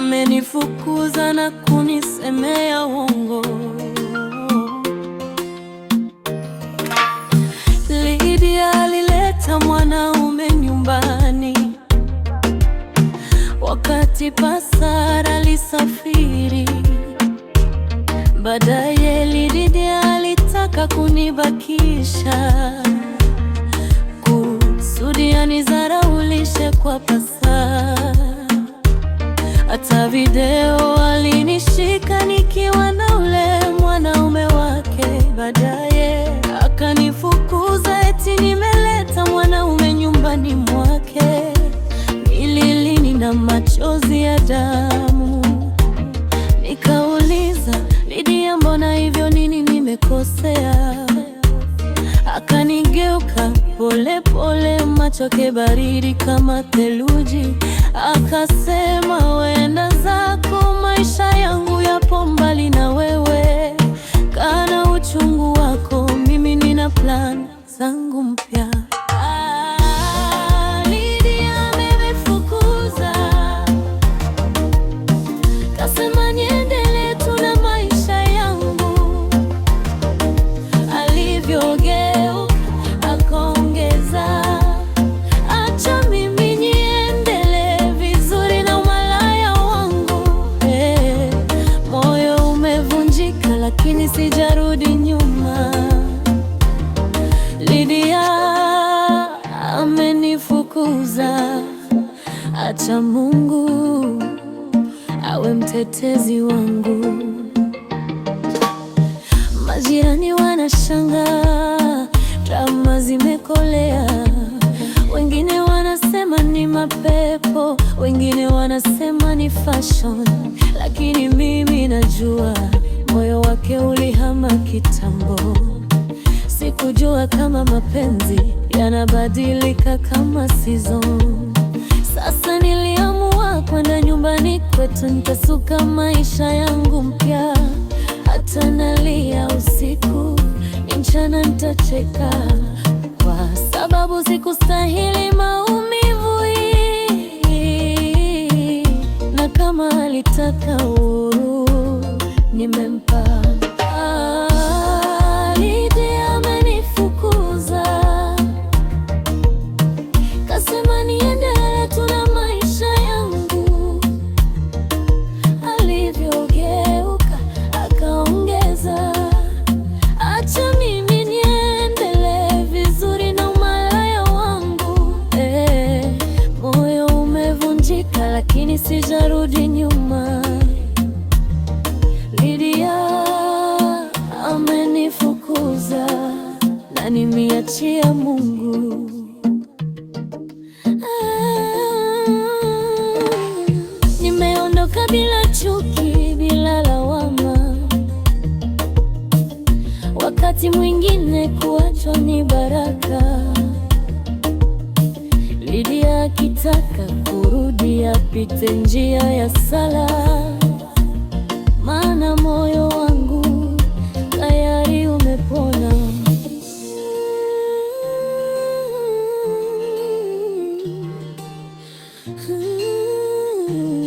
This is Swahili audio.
amenifukuza na kunisemea uongo. Lydia alileta mwanaume nyumbani, wakati Pasara alisafiri. Baadaye Lydia alitaka kunibakisha kusudi anizaraulishe kwa Pasara hata video alinishika nikiwa na ule mwanaume wake, baadaye akanifukuza eti nimeleta mwanaume nyumbani mwake. Nililini na machozi ya damu, nikauliza Lidia, mbona hivyo? Nini nimekosea? Akanigeuka polepole, macho yake baridi kama theluji. Akasema wenda zako, maisha yangu yapo mbali na wewe. Kana uchungu wako, mimi nina plan zangu mpya. sijarudi nyuma. Lidia amenifukuza, acha Mungu awe mtetezi wangu. Majirani wanashangaa, drama zimekolea, wengine wanasema ni mapepo, wengine wanasema ni fashion, lakini mimi najua kuwa kama mapenzi yanabadilika kama season. Sasa niliamua kwenda nyumbani kwetu, nitasuka maisha yangu mpya. Hata nalia usiku, ni mchana nitacheka, kwa sababu sikustahili maumivu hii, na kama alitaka uhuru nimempa. lakini sijarudi nyuma. Lidia amenifukuza na nimiachia Mungu. nimeondoka bila chuki, bila lawama. Wakati mwingine kuachwa ni baraka. Lidia akitaka nipite njia ya sala, maana moyo wangu tayari umepona. Hmm. Hmm.